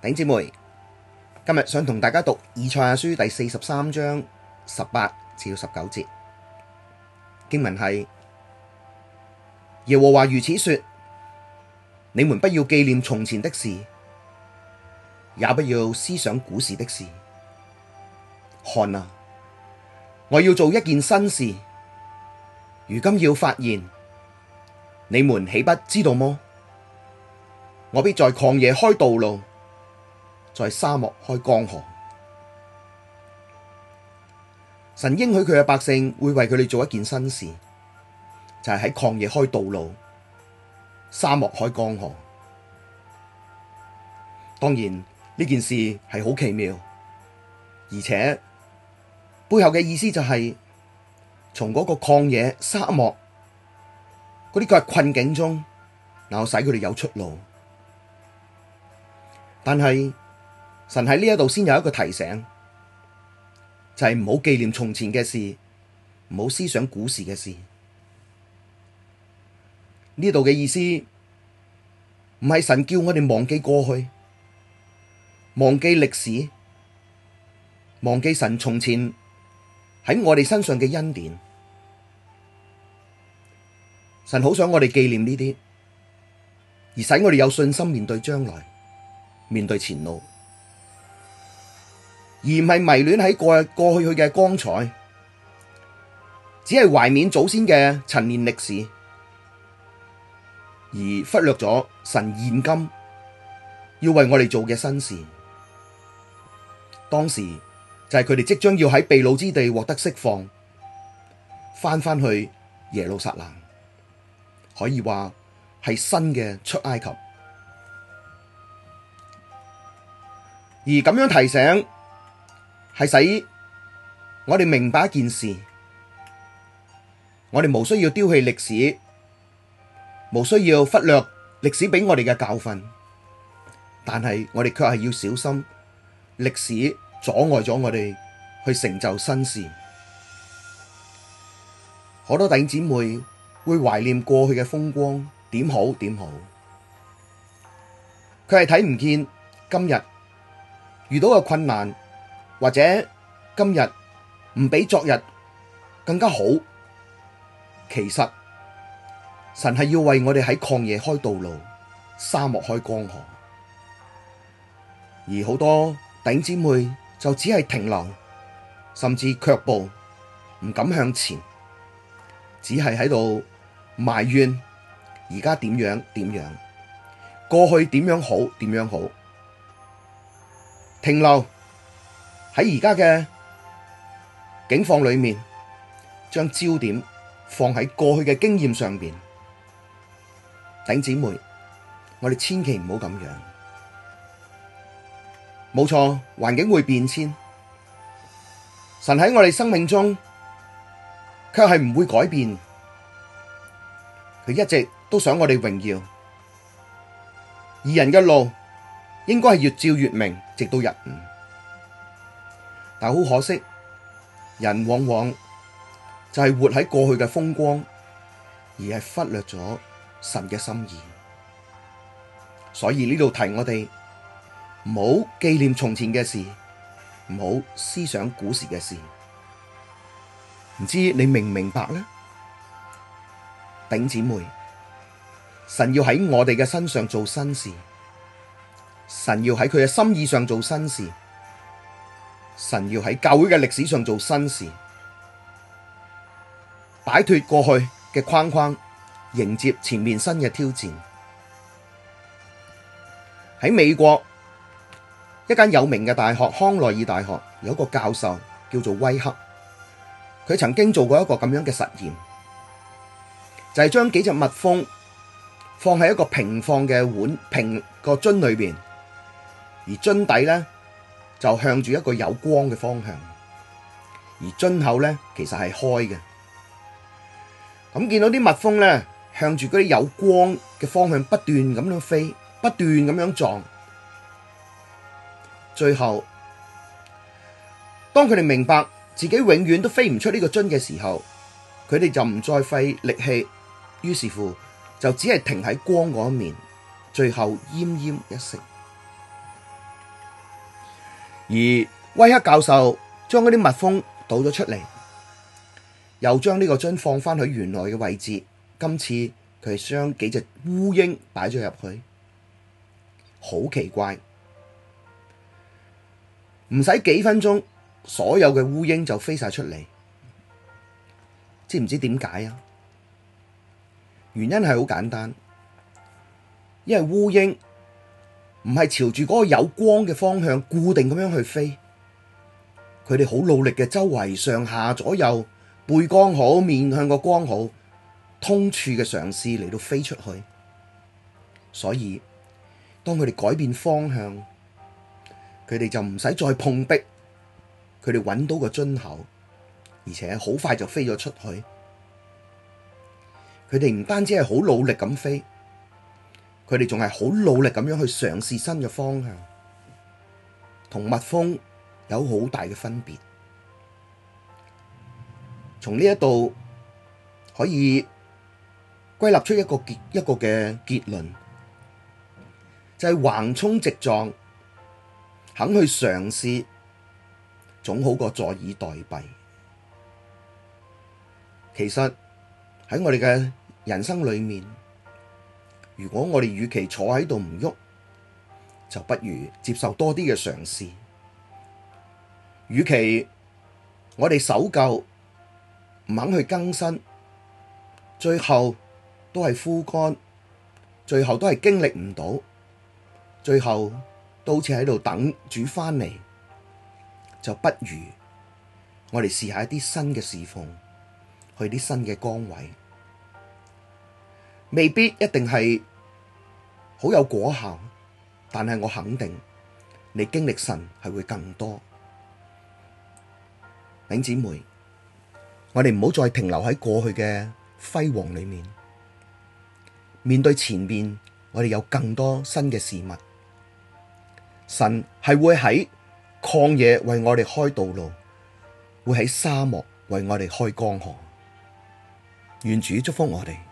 頂姐妹，今日想同大家讀以賽亞書第四十三章十八至十九節經文係：耶和華如此說，你們不要記念從前的事，也不要思想古時的事。看哪，我要做一件新事，如今要發現，你們豈不知道嗎？我必在曠野開道路，在沙漠開江河，神應許佢嘅百姓會為佢哋做一件新事，就係喺曠野開道路、沙漠開江河。當然呢件事係好奇妙，而且背後嘅意思就係、是、從嗰個曠野沙漠嗰啲佢係困境中，然後使佢哋有出路，但係。神喺呢一度先有一個提醒，就係唔好紀念從前嘅事，唔好思想古時嘅事。呢度嘅意思唔係神叫我哋忘記過去，忘記歷史，忘記神從前喺我哋身上嘅恩典。神好想我哋紀念呢啲，而使我哋有信心面對將來，面對前路。而唔係迷戀喺過過去去嘅光彩，只係懷念祖先嘅陳年歷史，而忽略咗神現今要為我哋做嘅新事。當時就係佢哋即將要喺被擄之地獲得釋放，返返去耶路撒冷，可以話係新嘅出埃及。而咁樣提醒。係使我哋明白一件事，我哋無需要丟棄歷史，無需要忽略歷史畀我哋嘅教訓，但係我哋卻係要小心歷史阻礙咗我哋去成就新事。好多弟兄姊妹會懷念過去嘅風光，點好點好，佢係睇唔見今日遇到嘅困難。或者今日唔比昨日更加好，其實神係要為我哋喺曠野開道路，沙漠開江河，而好多弟兄姊妹就只係停留，甚至卻步，唔敢向前，只係喺度埋怨而家點樣點樣，過去點樣好點樣好，停留。喺而家嘅境況裏面，將焦點放喺過去嘅經驗上邊，頂姊妹，我哋千祈唔好咁樣。冇錯，環境會變遷，神喺我哋生命中，卻係唔會改變。佢一直都想我哋榮耀，義人嘅路應該係越照越明，直到日午。但好可惜，人往往就係活喺過去嘅風光，而係忽略咗神嘅心意。所以呢度提我哋，唔好紀念從前嘅事，唔好思想古時嘅事。唔知你明唔明白咧？頂姐妹，神要喺我哋嘅身上做新事，神要喺佢嘅心意上做新事。神要喺教會嘅歷史上做新事，擺脫過去嘅框框，迎接前面新嘅挑戰。喺美國，一間有名嘅大學，康奈爾大學，有一個教授叫做威克，佢曾經做過一個咁樣嘅實驗，就係將幾隻蜜蜂放喺一個平放嘅碗平個樽裏邊，而樽底咧，就向住一個有光嘅方向，而樽口呢，其實係開嘅。咁見到啲蜜蜂呢，向住嗰啲有光嘅方向不斷咁樣飛，不斷咁樣撞，最後當佢哋明白自己永遠都飛唔出呢個樽嘅時候，佢哋就唔再費力氣，於是乎就只係停喺光嗰一面，最後奄奄一息。而威克教授將嗰啲蜜蜂倒咗出嚟，又將呢個樽放返去原來嘅位置。今次佢係將幾隻烏蠅擺咗入去，好奇怪！唔使幾分鐘，所有嘅烏蠅就飛晒出嚟。知唔知點解啊？原因係好簡單，因為烏蠅。唔係朝住嗰個有光嘅方向固定咁樣去飛，佢哋好努力嘅，周圍上下左右背光好，面向個光好，通處嘅嘗試嚟到飛出去。所以當佢哋改變方向，佢哋就唔使再碰壁，佢哋揾到個樽口，而且好快就飛咗出去。佢哋唔單止係好努力咁飛。佢哋仲係好努力咁樣去嘗試新嘅方向，同蜜蜂有好大嘅分別。從呢一度可以歸納出一個結一個嘅結論，就係橫衝直撞，肯去嘗試，總好過坐以待斃。其實喺我哋嘅人生裏面。如果我哋與其坐喺度唔喐，就不如接受多啲嘅嘗試；與其我哋守舊，唔肯去更新，最後都係枯乾，最後都係經歷唔到，最後都似喺度等主翻嚟，就不如我哋試下一啲新嘅侍奉，去啲新嘅崗位，未必一定係。好有果效，但係我肯定你經歷神係會更多，弟兄姊妹，我哋唔好再停留喺過去嘅輝煌裏面，面對前面，我哋有更多新嘅事物，神係會喺曠野為我哋開道路，會喺沙漠為我哋開江河，願主祝福我哋。